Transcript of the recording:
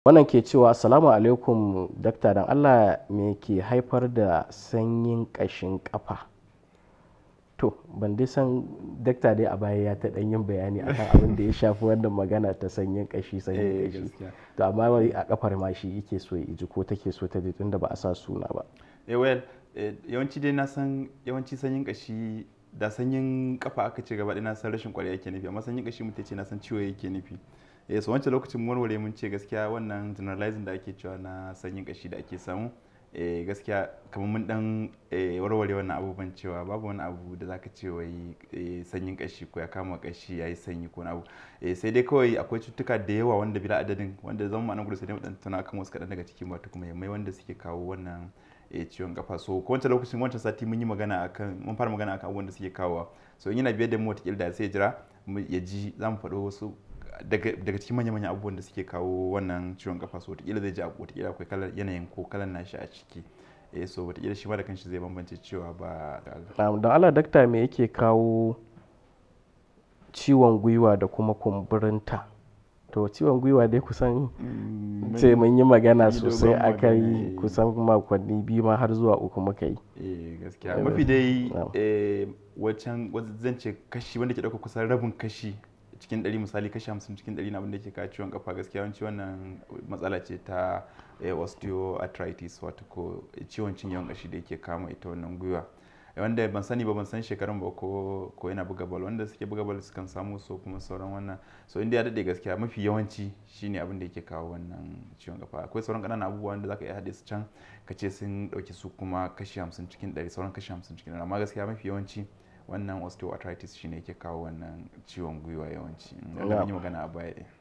wannan ke cewa assalamu alaikum dakta dan allah me ke haifar da sanyin kashin kafa to ban dai san dakta dai a baya ya ta dan yin bayani akan abin da ya shafi wannan magana ta sanyin ƙashi sanyin kashi eh, to amma a kafar ma shi yake so ya ji ko take so ta ji tunda ba a sa suna ba eh, eh yawanci dai na san yawanci sanyin ƙashi da sanyin kafa aka ce gaba na san rashin ƙwarya yake nufi amma sanyin kashi mutum ce na san ciwo yake nufi eh so wancan lokacin warware mun ce gaskiya wannan generalizing da ake cewa na sanyin kashi da ake samu eh gaskiya kamar mun dan eh, warware wannan abubuwan cewa babu wani abu da zaka ce wai eh, sanyin kashi ko ya kama kashi yayi sanyi ko wani abu eh sai dai kawai akwai cututtuka da yawa wanda bila adadin wanda zan mu nan gudu sai dai mu dan tuna wasu kadan daga cikin wato kuma yammai wanda suke kawo wannan eh ciwon kafa so ko wancan lokacin wancan sati mun yi magana akan mun fara magana akan abubuwan da suke kawowa so in yana biyar da mu wata da sai jira ya ji za mu faɗo wasu daga cikin manya-manyan abubuwan da suke kawo wannan ciwon kafa so wataƙila zai ji wataƙila akwai kalar yanayin ko kalar nashi a ciki eh so wataƙila shi ma da kanshi zai bambance cewa ba don Allah dakta me yake kawo ciwon gwiwa da kuma kumburinta to ciwon gwiwa dai kusan mm. ce mun yi magana sosai a kai eh. kusan makonni biyu ma har zuwa uku muka yi eh, gaskiya eh. mafi dai wancan zan ce kashi wanda ke dauka kusan rabin kashi cikin ɗari misali kashi hamsin cikin ɗari na abin da ke kawo ciwon kafa gaskiya wancan wannan matsala ce ta osteoarthritis wato ko ciwon cinyewan kashi da yake kama ita wannan gwiwa wanda ban sani ba ban san shekarun ba ko ko yana buga bal wanda suke buga bal sukan samu so kuma sauran wannan so inda ya dade gaskiya mafi yawanci shine abin da yake kawo wannan ciwon kafa akwai sauran kananan abubuwa wanda zaka iya hade su can ka ce sun dauke su kuma kashi 50 cikin 100 sauran kashi 50 cikin 100 amma gaskiya mafi yawanci wannan osteoarthritis shine yake kawo wannan ciwon gwiwa yawanci da mun yi magana a baya